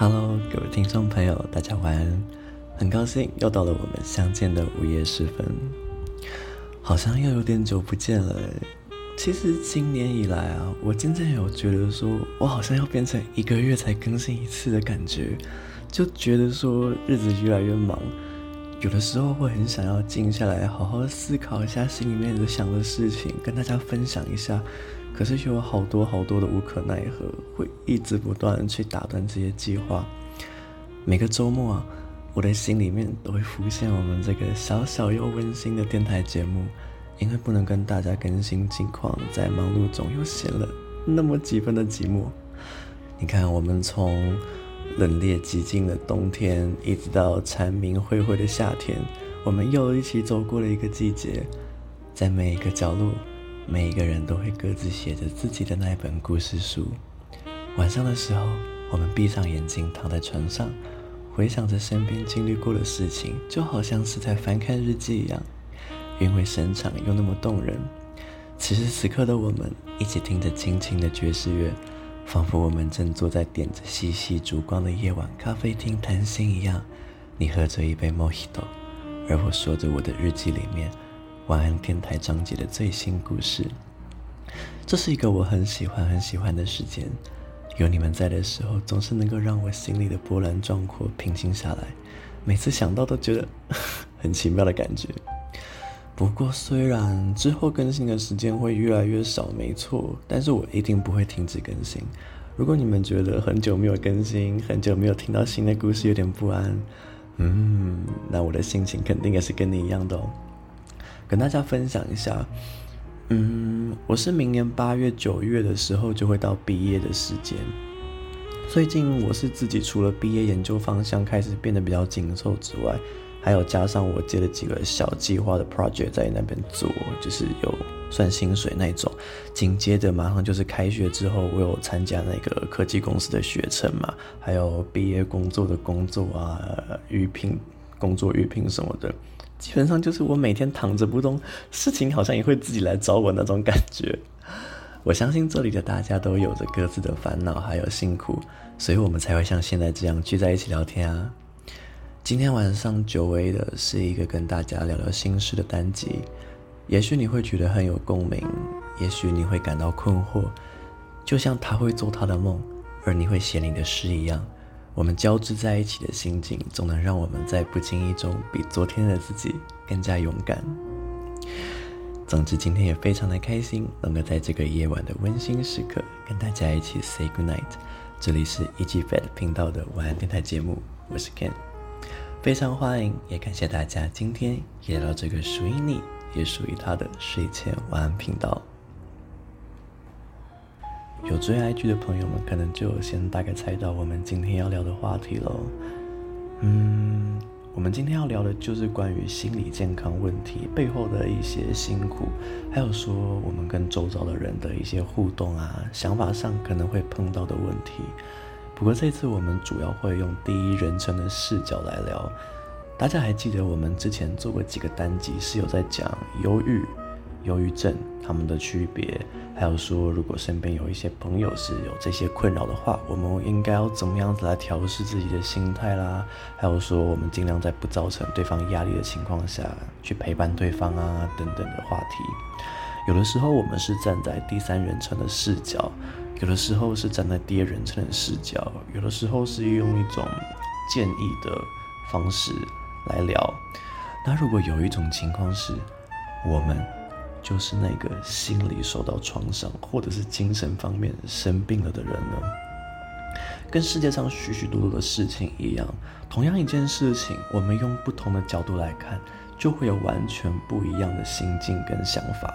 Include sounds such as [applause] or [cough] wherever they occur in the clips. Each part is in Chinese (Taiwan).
Hello，各位聽眾朋友，大家晚安。很高興又到了我們相見的午夜時分，好像又有點久不見了耶。其實今年以來啊，我漸漸有覺得說，我好像要變成一個月才更新一次的感覺，就覺得說日子越來越忙，有的時候會很想要靜下來，好好思考一下心裡面的想的事情，跟大家分享一下。可是又有好多好多的無可奈何，會一直不斷去打斷這些計劃。每個周末啊，我的心裡面都會浮現我們這個小小又溫馨的電台節目。因為不能跟大家更新情況，在忙碌中又顯了那麼幾分的寂寞。你看，我們從冷冽寂靜的冬天，一直到蟬鳴灰灰的夏天，我們又一起走過了一個季節，在每一個角落。每一個人都會各自寫着自己的那本故事書。晚上的時候，我們閉上眼睛，躺在床上，回想着身邊經歷過的事情，就好像是在翻看日記一樣，韻味深長又那麼動人。此時此刻的我們，一起聽着輕輕的爵士樂，仿佛我們正坐在點着細細燭光的夜晚咖啡廳談心一樣。你喝着一杯 Mojito，而我說着我的日記裡面。晚安電台章節的最新故事，這是一個我很喜歡很喜歡的時間。有你們在的時候，總是能夠讓我心裡的波瀾壯闊平靜下來。每次想到，都覺得很奇妙的感覺。不過，雖然之後更新的時間會越來越少，沒錯，但是我一定不會停止更新。如果你們覺得很久沒有更新，很久沒有聽到新的故事，有點不安，嗯，那我的心情肯定也是跟你一樣的哦。跟大家分享一下，嗯，我是明年八月九月的時候就會到畢業的時間。最近我是自己除了畢業研究方向開始變得比較緊湊之外，還有加上我接了幾個小計劃的 project 在那邊做，就是有算薪水那種。緊接着馬上就是開學之後，我有參加那個科技公司的學程嘛，還有畢業工作的工作啊，預聘工作預聘什麼的。基本上就是我每天躺着不動，事情好像也會自己來找我那種感覺。我相信這裡的大家都有着各自的煩惱，還有辛苦，所以我們才會像現在這樣聚在一起聊天啊。今天晚上，久違的是一個跟大家聊聊心事的單集。也許你會覺得很有共鳴，也許你會感到困惑，就像他會做他的夢，而你會寫你的詩一樣。我們交織在一起的心境，總能讓我們在不經意中比昨天的自己更加勇敢。總之，今天也非常的開心，能夠在這個夜晚的溫馨時刻跟大家一起 say good night。這裡是 EG fat 頻道的晚安電台節目，我是 Ken，非常歡迎，也感謝大家今天也來到這個屬於你，也屬於他的睡前晚安頻道。有追 IG 的朋友們，可能就先大概猜到我們今天要聊的話題了。嗯，我們今天要聊的就是關於心理健康問題背後的一些辛苦，還有說我們跟周遭的人的一些互動啊，想法上可能會碰到的問題。不過這次我們主要會用第一人稱的視角來聊。大家還記得我們之前做過幾個單集是有在講憂鬱憂鬱症，他們的區別，還有說，如果身邊有一些朋友是有這些困擾的話，我們應該要怎麼樣子來調試自己的心態啦？還有說，我們盡量在不造成對方壓力的情況下去陪伴對方啊，等等的話題。有的時候我們是站在第三人稱的視角，有的時候是站在第二人稱的視角，有的時候是用一種建議的方式來聊。那如果有一種情況是，我們。就是那個心理受到創傷，或者是精神方面生病了的人呢？跟世界上許許多多的事情一樣，同樣一件事情，我們用不同的角度來看，就會有完全不一樣的心境跟想法。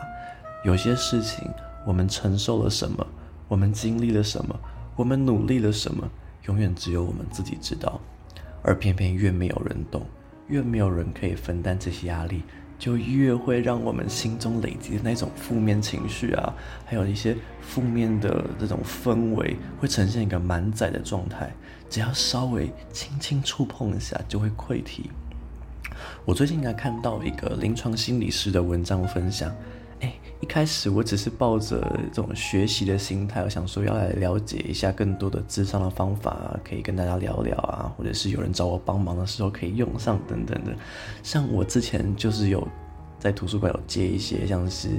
有些事情，我們承受了什麼，我們經歷了什麼，我們努力了什麼，永遠只有我們自己知道。而偏偏越沒有人懂，越沒有人可以分擔這些壓力。就越會讓我們心中累積的那種負面情緒啊，還有一些負面的這種氛圍，會呈現一個滿載的狀態。只要稍微輕輕觸碰一下，就會潰堤。我最近還看到一個臨床心理師的文章分享。一開始我只是抱着這種學習的心態，我想說要來了解一下更多的諮商的方法，可以跟大家聊聊啊，或者是有人找我幫忙的時候可以用上等等的。像我之前就是有在圖書館有借一些，像是。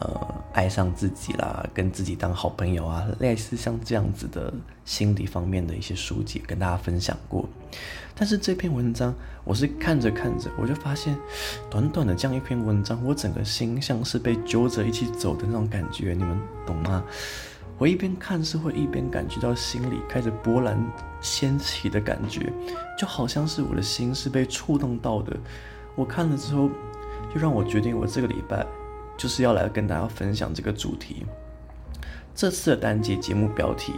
呃，愛上自己啦，跟自己當好朋友啊，類似像這樣子的心理方面的一些書籍跟大家分享過。但是這篇文章，我是看着看着，我就發現，短短的這樣一篇文章，我整個心像是被揪着一起走的那種感覺，你們懂嗎？我一邊看是會一邊感覺到心裡開始波瀾掀起的感覺，就好像是我的心是被觸動到的。我看了之後，就讓我決定我這個禮拜。就是要來跟大家分享這個主題。這次的單集節目標題，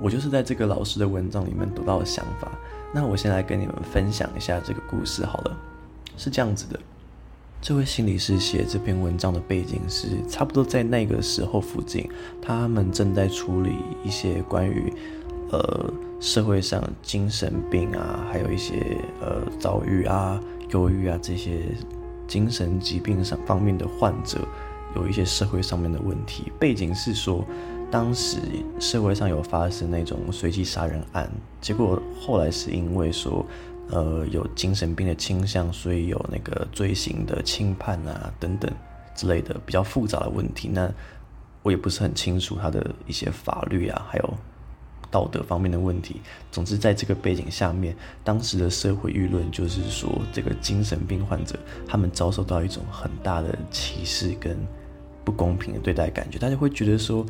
我就是在這個老師的文章裡面讀到的想法。那我先來跟你們分享一下這個故事好了。是這樣子的，這位心理師寫這篇文章的背景是差不多在那個時候附近，他們正在處理一些關於呃社會上精神病啊，還有一些呃遭遇啊、憂鬱啊，啊這些。精神疾病上方面的患者，有一些社會上面的問題。背景是說，當時社會上有發生那種隨機殺人案，結果後來是因為說，呃，有精神病的傾向，所以有那個罪行的輕判啊等等之類的比較複雜的問題。那我也不是很清楚他的一些法律啊，還有。道德方面的問題，總之在這個背景下面，當時的社會輿論就是說，這個精神病患者他們遭受到一種很大的歧視跟不公平的對待感覺，大家會覺得說，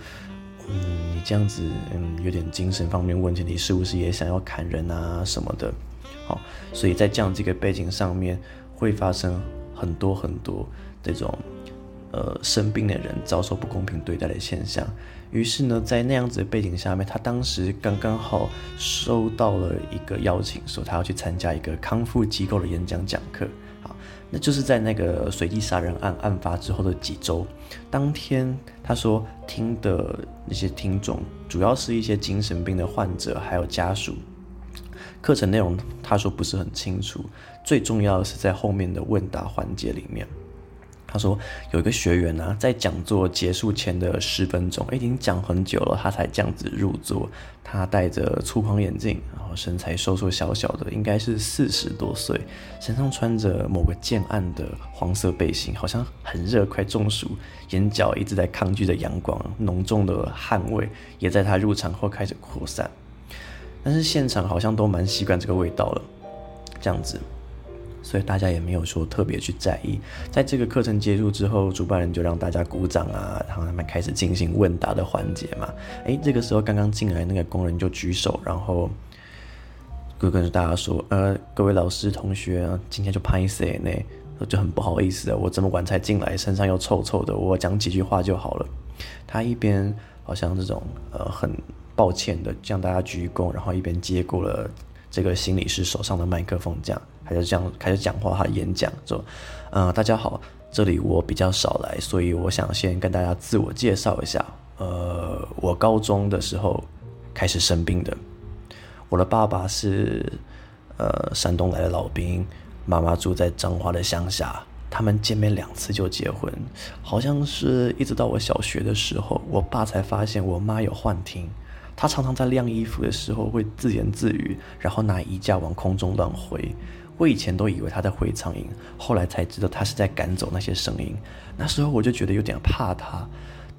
嗯，你這樣子，嗯，有點精神方面問題，你是不是也想要砍人啊什麼的？好，所以在這樣這個背景上面，會發生很多很多這種，呃，生病的人遭受不公平對待的現象。於是呢，在那樣子的背景下面，他當時剛剛好收到了一個邀請，說他要去參加一個康復機構的演講講課。好，那就是在那個隨機殺人案案發之後的幾周，當天他說聽的那些聽眾主要是一些精神病的患者還有家屬。課程內容他說不是很清楚，最重要的是在後面的問答環節裡面。他說：“有一個學員呢、啊，在講座結束前的十分鐘，欸，已經講很久了，他才這樣子入座。他戴着粗框眼鏡，然後身材瘦瘦小小的，應該是四十多歲，身上穿着某個漸暗的黃色背心，好像很熱，快中暑，眼角一直在抗拒着陽光，濃重的汗味也在他入場後開始擴散。但是現場好像都蠻習慣這個味道了，這樣子。”所以大家也沒有說特別去在意。在這個課程結束之後，主辦人就讓大家鼓掌啊，然後他們開始進行問答的環節嘛。誒，這個時候剛剛進來那個工人就舉手，然後就跟大家說：“呃，各位老師同學啊，今天就拍謝呢，就很不好意思的啊，我這麼晚才進來，身上又臭臭的，我講幾句話就好了。”他一邊好像這種呃很抱歉的向大家鞠躬，然後一邊接過了這個心理師手上的麥克風這樣。還是這樣開始講話，和演講就，嗯、呃，大家好，這裡我比較少來，所以我想先跟大家自我介紹一下。呃，我高中的時候開始生病的，我的爸爸是呃山東來的老兵，媽媽住在彰化的鄉下，他們見面兩次就結婚，好像是一直到我小學的時候，我爸才發現我媽有幻聽，他常常在晾衣服的時候會自言自語，然後拿衣架往空中亂揮。我以前都以為他在揮蒼蠅，後來才知道他是在趕走那些聲音。那時候我就覺得有點怕他，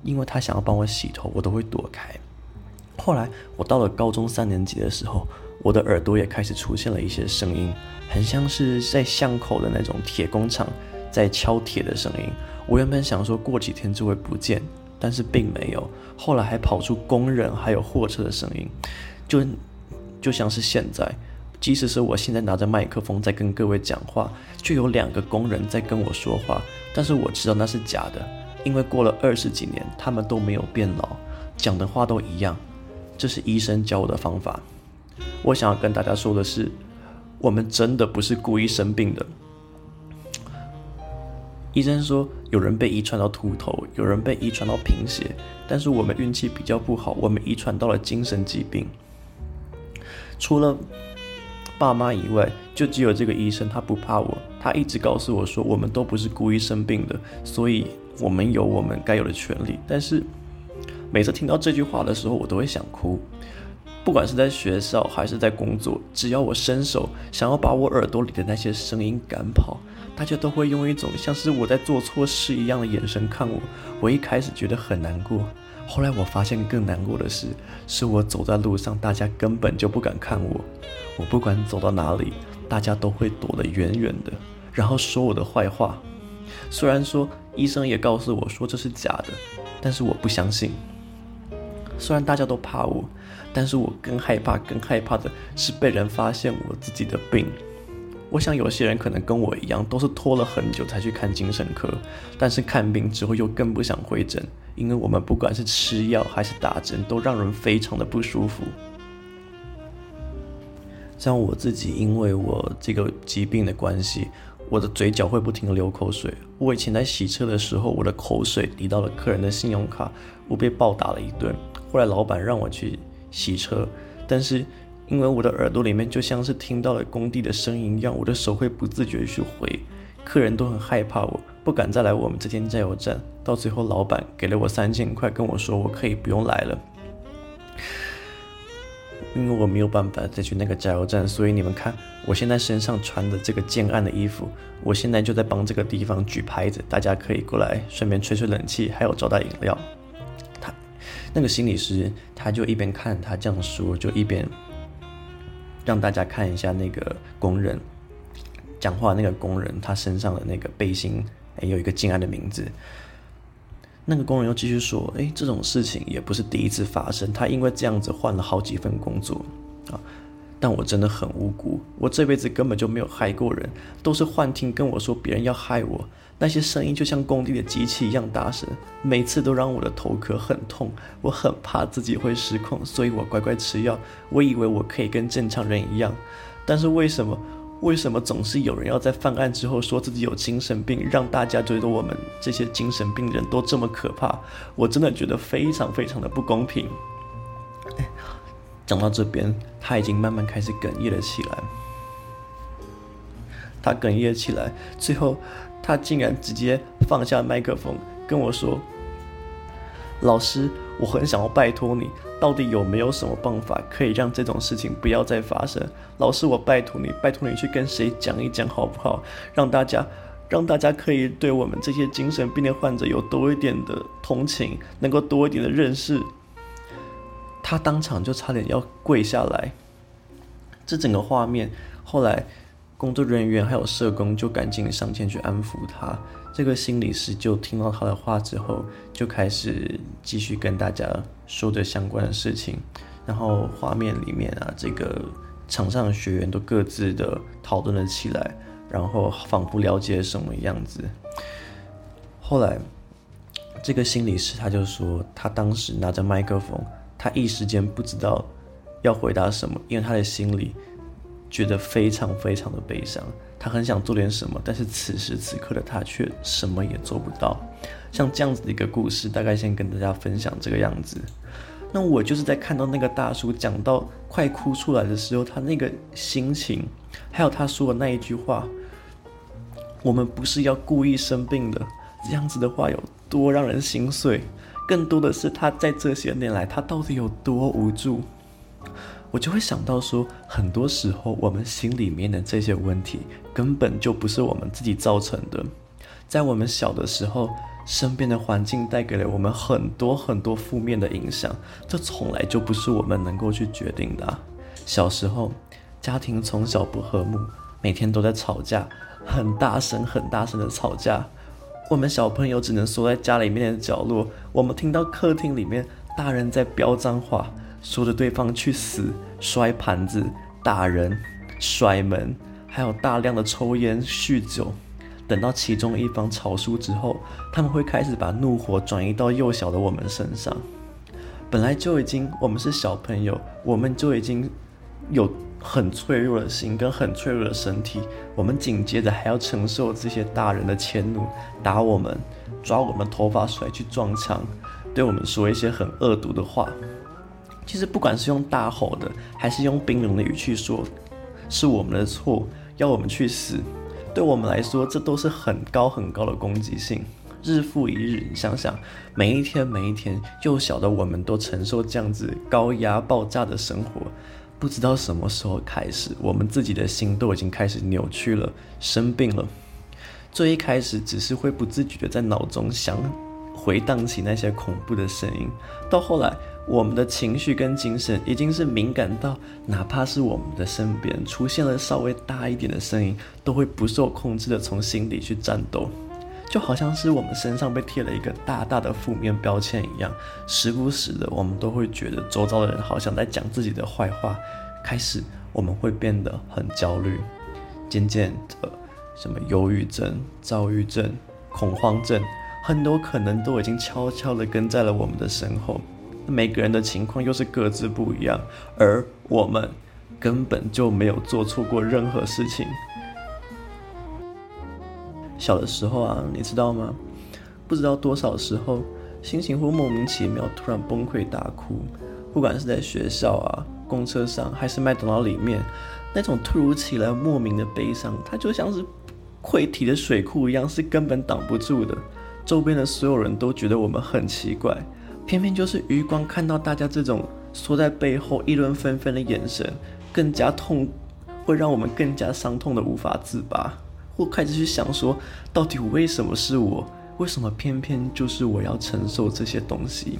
因為他想要幫我洗頭，我都會躲開。後來我到了高中三年級的時候，我的耳朵也開始出現了一些聲音，很像是在巷口的那種鐵工廠在敲鐵的聲音。我原本想說過幾天就會不見，但是並沒有。後來還跑出工人還有貨車的聲音，就就像是現在。其實是我現在拿着麥克風在跟各位講話，就有兩個工人在跟我說話，但是我知道那是假的，因為過了二十幾年，他們都沒有變老，講的話都一樣。這是醫生教我的方法。我想要跟大家說的是，我們真的不是故意生病的。醫生說，有人被遺傳到禿頭，有人被遺傳到貧血，但是我們運氣比較不好，我們遺傳到了精神疾病。除了爸媽以外，就只有這個醫生，他不怕我。他一直告訴我說，我們都不是故意生病的，所以我們有我們該有的權利。但是每次聽到這句話的時候，我都會想哭。不管是在學校還是在工作，只要我伸手想要把我耳朵裡的那些聲音趕跑，大家都會用一種像是我在做錯事一樣的眼神看我。我一開始覺得很難過。後來我發現更難過的是，是我走在路上，大家根本就不敢看我。我不管走到哪裡，大家都會躲得遠遠的，然後說我的壞話。雖然說醫生也告訴我說這是假的，但是我不相信。雖然大家都怕我，但是我更害怕、更害怕的是被人發現我自己的病。我想有些人可能跟我一樣，都是拖了很久才去看精神科，但是看病之後又更不想回診，因為我們不管是吃藥還是打針，都讓人非常的不舒服。像我自己，因為我這個疾病的關係，我的嘴角會不停地流口水。我以前在洗車的時候，我的口水滴到了客人的信用卡，我被暴打了一頓。後來老闆讓我去洗車，但是。因為我的耳朵裡面就像是聽到了工地的聲音一樣，我的手會不自覺去揮。客人都很害怕我，我不敢再來我們這間加油站。到最後，老闆給了我三千塊，跟我說我可以不用來了，因為我沒有辦法再去那個加油站。所以你們看，我現在身上穿的這個建案的衣服，我現在就在幫這個地方舉牌子，大家可以過來順便吹吹冷氣，還有招待飲料。他那個心理師，他就一邊看他這樣說，就一邊。讓大家看一下那個工人講話，那個工人他身上的那個背心還有一個敬愛的名字。那個工人又繼續說：“哎，這種事情也不是第一次發生，他因為這樣子換了好幾份工作啊，但我真的很無辜，我這輩子根本就沒有害過人，都是幻聽跟我說別人要害我。”那些聲音就像工地的機器一樣大聲，每次都讓我的頭殼很痛。我很怕自己會失控，所以我乖乖吃藥。我以為我可以跟正常人一樣，但是為什麼？為什麼總是有人要在犯案之後說自己有精神病，讓大家覺得我們這些精神病人都這麼可怕？我真的覺得非常非常的不公平。講到這邊，他已經慢慢開始哽咽了起來。他哽咽起來，最後。他竟然直接放下麥克風跟我說：“老師，我很想要拜托你，到底有沒有什麼辦法可以讓這種事情不要再發生？老師，我拜托你，拜托你去跟誰講一講好不好？讓大家讓大家可以對我們這些精神病的患者有多一點的同情，能夠多一點的認識。”他當場就差點要跪下來。這整個畫面後來。工作人員還有社工就趕緊上前去安撫他。這個心理師就聽到他的話之後，就開始繼續跟大家說着相關的事情。然後畫面裡面啊，這個場上的學員都各自的討論了起來，然後仿佛了解了什麼樣子。後來，這個心理師他就說，他當時拿着麥克風，他一時間不知道要回答什麼，因為他的心裡。覺得非常非常的悲傷，他很想做點什麼，但是此時此刻的他卻什麼也做不到。像這樣子的一個故事，大概先跟大家分享這個樣子。那我就是在看到那個大叔講到快哭出來的時候，他那個心情，還有他說的那一句話：“我們不是要故意生病的。”這樣子的話有多讓人心碎？更多的是他在這些年來，他到底有多無助？我就會想到說，很多時候我們心裡面的這些問題根本就不是我們自己造成的。在我們小的時候，身邊的環境帶給了我們很多很多負面的影響，這從來就不是我們能夠去決定的啊。小時候，家庭從小不和睦，每天都在吵架，很大聲很大聲的吵架，我們小朋友只能縮在家裡面的角落，我們聽到客廳裡面大人在飆髒話，說着對方去死。摔盤子、打人、摔門，還有大量的抽煙、酗酒。等到其中一方吵輸之後，他們會開始把怒火轉移到幼小的我們身上。本來就已經，我們是小朋友，我們就已經有很脆弱的心跟很脆弱的身體，我們緊接着還要承受這些大人的遷怒，打我們、抓我們頭髮、甩去撞牆，對我們說一些很惡毒的話。其實不管是用大吼的，還是用冰冷的語氣說“是我們的錯，要我們去死”，對我們來說，這都是很高很高的攻擊性。日復一日，你想想，每一天每一天，幼小的我們都承受這樣子高壓爆炸的生活，不知道什麼時候開始，我們自己的心都已經開始扭曲了，生病了。最一開始，只是會不自覺的在腦中想回蕩起那些恐怖的聲音，到後來。我們的情緒跟精神已經是敏感到，哪怕是我們的身邊出現了稍微大一點的聲音，都會不受控制地從心底去戰鬥，就好像是我們身上被貼了一個大大的負面標籤一樣。時不時的，我們都會覺得周遭的人好像在講自己的壞話，開始我們會變得很焦慮，漸漸的，呃，什麼憂鬱症、躁鬱症、恐慌症，很多可能都已經悄悄地跟在了我們的身後。每個人的情況又是各自不一樣，而我們根本就沒有做錯過任何事情。小的時候啊，你知道嗎？不知道多少時候，心情會莫名其妙突然崩潰大哭，不管是在學校啊、公車上，還是麥當勞裡面，那種突如其來莫名的悲傷，它就像是潰堤的水庫一樣，是根本擋不住的。周邊的所有人都覺得我們很奇怪。偏偏就是余光看到大家這種縮在背後議論紛紛的眼神，更加痛，會讓我們更加傷痛的無法自拔，或開始去想說，到底為什麼是我？為什麼偏偏就是我要承受這些東西？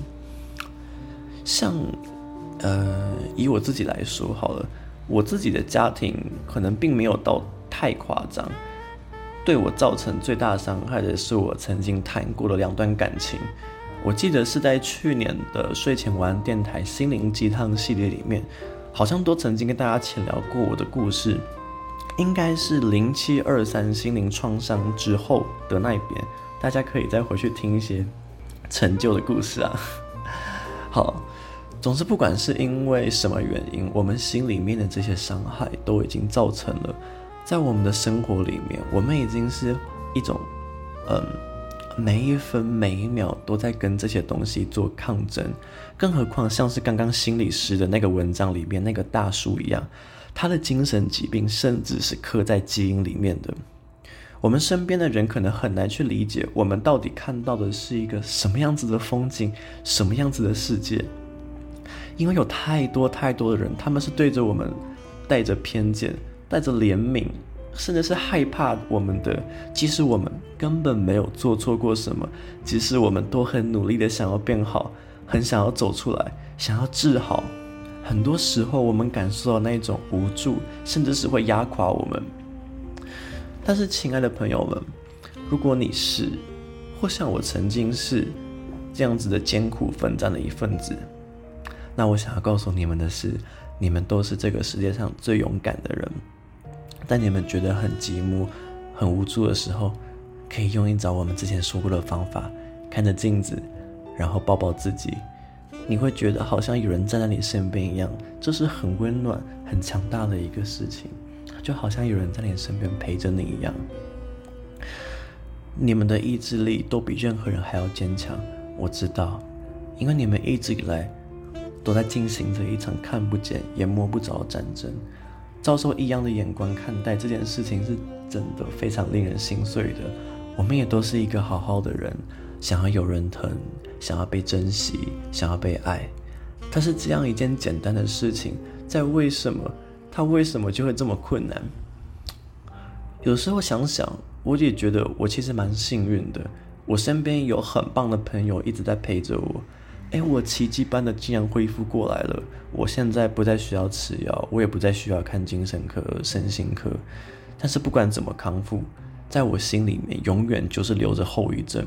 像，呃，以我自己來說好了，我自己的家庭可能並沒有到太誇張，對我造成最大傷害的是我曾經談過的兩段感情。我記得是在去年的睡前晚安電台心靈雞湯系列裡面，好像都曾經跟大家淺聊過我的故事，應該是零七二三心靈創傷之後的那一邊，大家可以再回去聽一些陳舊的故事啊。好，總之不管是因為什麼原因，我們心裡面的這些傷害都已經造成了，在我們的生活裡面，我們已經是一種，嗯。每一分每一秒都在跟這些東西做抗爭，更何況像是剛剛心理師的那個文章裡邊那個大叔一樣，他的精神疾病甚至是刻在基因裡面的。我們身邊的人可能很難去理解，我們到底看到的是一個什麼樣子的風景，什麼樣子的世界，因為有太多太多的人，他們是對着我們，帶着偏見，帶着憐憫。甚至是害怕我們的，即使我們根本沒有做錯過什麼，即使我們都很努力的想要變好，很想要走出來，想要治好，很多時候我們感受到那一種無助，甚至是會壓垮我們。但是，親愛的朋友們，如果你是，或像我曾經是這樣子的艱苦奮戰的一份子，那我想要告訴你們的是，你們都是這個世界上最勇敢的人。當你們覺得很寂寞、很無助的時候，可以用一種我們之前說過的方法：看着鏡子，然後抱抱自己。你會覺得好像有人站在你身邊一樣，這是很溫暖、很強大的一個事情，就好像有人在你身邊陪着你一樣。你們的意志力都比任何人還要堅強，我知道，因為你們一直以來都在進行着一場看不見也摸不着的戰爭。遭受異樣的眼光看待這件事情，是真的非常令人心碎的。我們也都是一個好好的人，想要有人疼，想要被珍惜，想要被愛。但是這樣一件簡單的事情，在為什麼，他為什麼就會這麼困難？有時候想想，我也覺得我其實蠻幸運的，我身邊有很棒的朋友一直在陪着我。哎，我奇蹟般的竟然恢復過來了！我現在不再需要吃藥，我也不再需要看精神科、身心科。但是不管怎麼康復，在我心裡面永遠就是留着後遺症。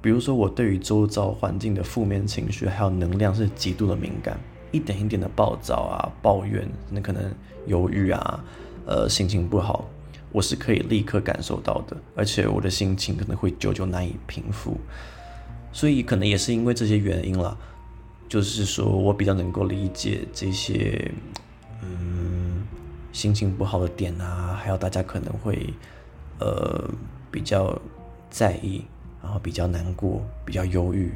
比如說，我對於周遭環境的負面情緒還有能量是極度的敏感，一點一點的暴躁啊、抱怨，那可能憂鬱啊、呃心情不好，我是可以立刻感受到的，而且我的心情可能會久久難以平復。所以可能也是因為這些原因了，就是說我比較能夠理解這些，嗯，心情不好的點啊，還有大家可能會，呃，比較在意，然後比較難過、比較憂鬱、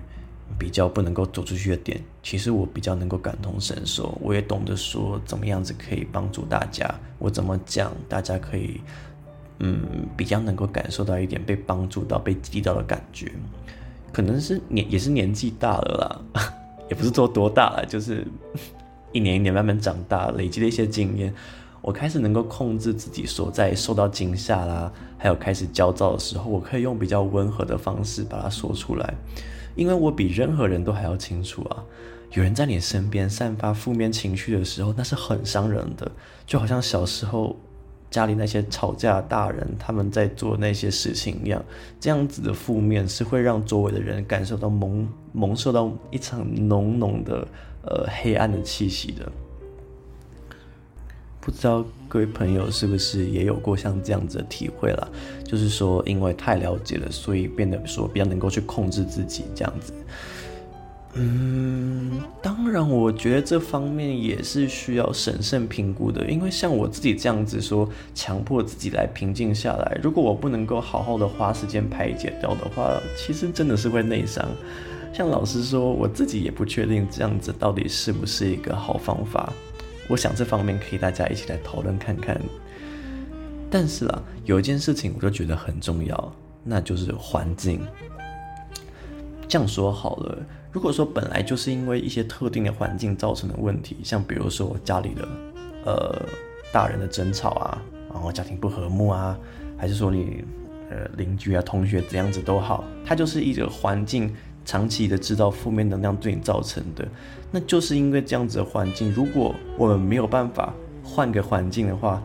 比較不能夠走出去的點，其實我比較能夠感同身受，我也懂得說怎麼樣子可以幫助大家，我怎麼講，大家可以，嗯，比較能夠感受到一點被幫助到、被激勵到的感覺。可能是年，也是年紀大了啦，也不是做多大啦，就是一年一年慢慢長大了，累積的一些經驗。我開始能夠控制自己，所在受到驚嚇啦，還有開始焦躁的時候，我可以用比較溫和的方式把它說出來。因為我比任何人都還要清楚啊，有人在你身邊散發負面情緒的時候，那是很傷人的，就好像小時候。家裡那些吵架的大人，他們在做那些事情一樣，這樣子的負面是會讓周圍的人感受到蒙蒙受到一場濃濃的呃、黑暗的氣息的。不知道各位朋友是不是也有過像這樣子的體會啦？就是說，因為太了解了，所以變得說比較能夠去控制自己這樣子。嗯，當然，我覺得這方面也是需要審慎評估的，因為像我自己這樣子說，強迫自己來平靜下來，如果我不能夠好好的花時間排解掉的話，其實真的是會內傷。像老實說，我自己也不確定這樣子到底是不是一個好方法。我想這方面可以大家一起來討論看看。但是啊，有一件事情我就覺得很重要，那就是環境。這樣說好了。如果說本來就是因為一些特定的環境造成的問題，像比如說我家裡的，呃，大人的爭吵啊，然後家庭不和睦啊，還是說你，呃，鄰居啊、同學怎樣子都好，它就是一個環境長期的制造負面能量對你造成的。那就是因為這樣子的環境，如果我們沒有辦法換個環境的話。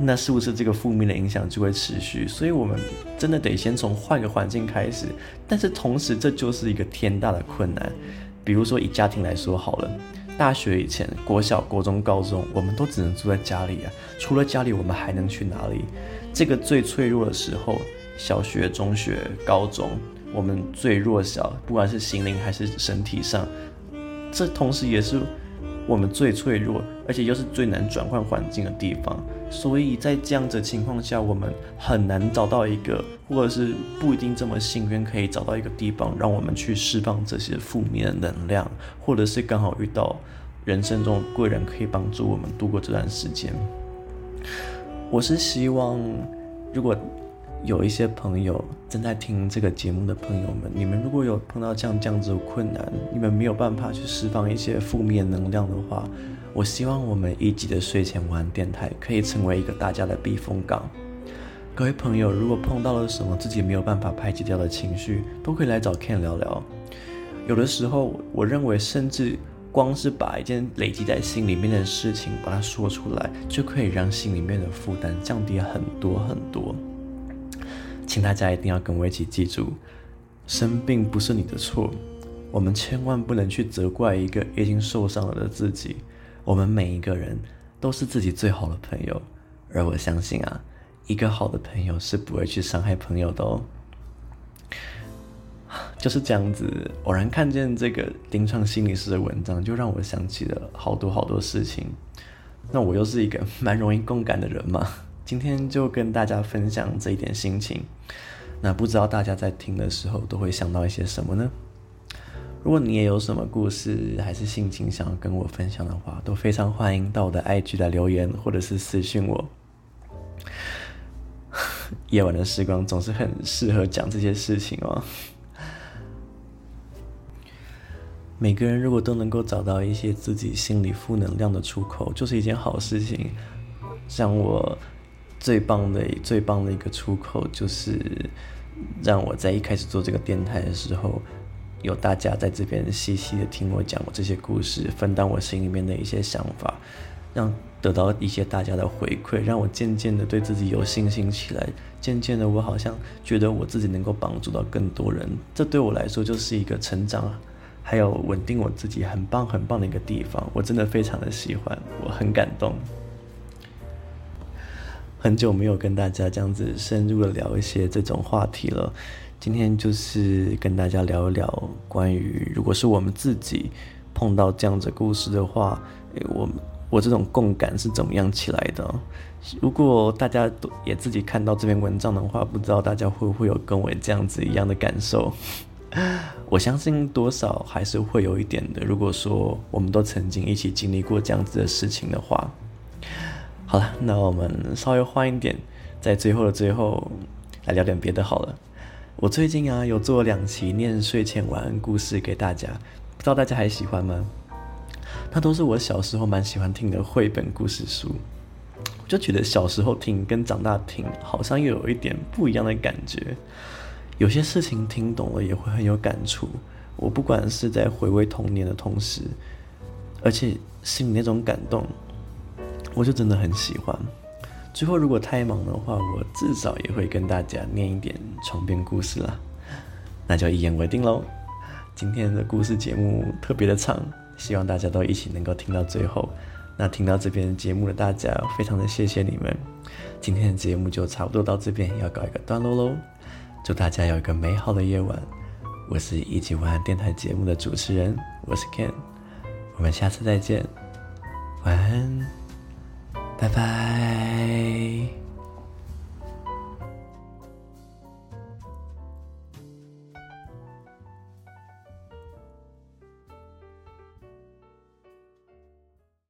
那是不是這個負面的影響就會持續？所以我們真的得先從換個環境開始。但是同時，這就是一個天大的困難。比如說以家庭來說好了，大學以前，國小、國中、高中，我們都只能住在家裡啊。除了家裡，我們還能去哪裡？這個最脆弱的時候，小學、中學、高中，我們最弱小，不管是心靈還是身體上，這同時也是。我們最脆弱，而且又是最難轉換環境的地方，所以在這樣子的情況下，我們很難找到一個，或者是不一定這麼幸運，可以找到一個地方，讓我們去釋放這些負面的能量，或者是剛好遇到人生中貴人，可以幫助我們度過這段時間。我是希望，如果，有一些朋友正在聽這個節目的朋友們，你們如果有碰到這樣這樣子困難，你們沒有辦法去釋放一些負面能量的話，我希望我們一集的睡前晚安電台可以成為一個大家的避風港。各位朋友，如果碰到了什麼自己沒有辦法排解掉的情緒，都可以來找 Ken 聊聊。有的時候，我認為甚至光是把一件累積在心裡面的事情把它說出來，就可以讓心裡面的負擔降低很多很多。大家一定要跟我一起記住，生病不是你的錯。我們千萬不能去責怪一個已經受傷了的自己。我們每一個人都是自己最好的朋友，而我相信啊，一個好的朋友是不會去傷害朋友的哦。就是這樣子，偶然看見這個臨床心理師的文章，就讓我想起了好多好多事情。那我又是一個蠻容易共感的人嘛。今天就跟大家分享這一點心情。那不知道大家在聽的時候都會想到一些什麼呢？如果你也有什麼故事還是心情想要跟我分享的話，都非常歡迎到我的 IG 來留言或者是私信我。 [laughs] 夜晚的時光總是很適合講這些事情哦。每個人如果都能夠找到一些自己心裡負能量的出口，就是一件好事情。讓我。最棒的、最棒的一個出口，就是讓我在一開始做這個電台的時候，有大家在這邊細細的聽我講我這些故事，分擔我心裡面的一些想法，讓得到一些大家的回饋，讓我漸漸的對自己有信心起來。漸漸的，我好像覺得我自己能夠幫助到更多人，這對我來說就是一個成長，還有穩定我自己，很棒、很棒的一個地方。我真的非常的喜歡，我很感動。很久沒有跟大家這樣子深入的聊一些這種話題了，今天就是跟大家聊一聊關於如果是我們自己碰到這樣子故事的話，誒，我我這種共感是怎麼樣起來的？如果大家都也自己看到這篇文章的話，不知道大家會不會有跟我這樣子一樣的感受？我相信多少還是會有一點的。如果說我們都曾經一起經歷過這樣子的事情的話。好了，那我們稍微換一點，在最後的最後來聊點別的好了。我最近啊有做了兩期念睡前晚安故事給大家，不知道大家還喜歡嗎？那都是我小時候蠻喜歡聽的繪本故事書，我就覺得小時候聽跟長大聽好像又有一點不一樣的感覺。有些事情聽懂了也會很有感觸，我不管是在回味童年的同時，而且心裡那種感動。我就真的很喜歡。最後如果太忙的話，我至少也會跟大家念一點床邊故事啦。那就一言為定嘍。今天的故事節目特別的長，希望大家都一起能夠聽到最後。那聽到這邊的節目的大家，非常的謝謝你們。今天的節目就差不多到這邊要告一個段落嘍。祝大家有一個美好的夜晚。我是一級晚安電台節目的主持人，我是 Ken。我們下次再見，晚安。拜拜。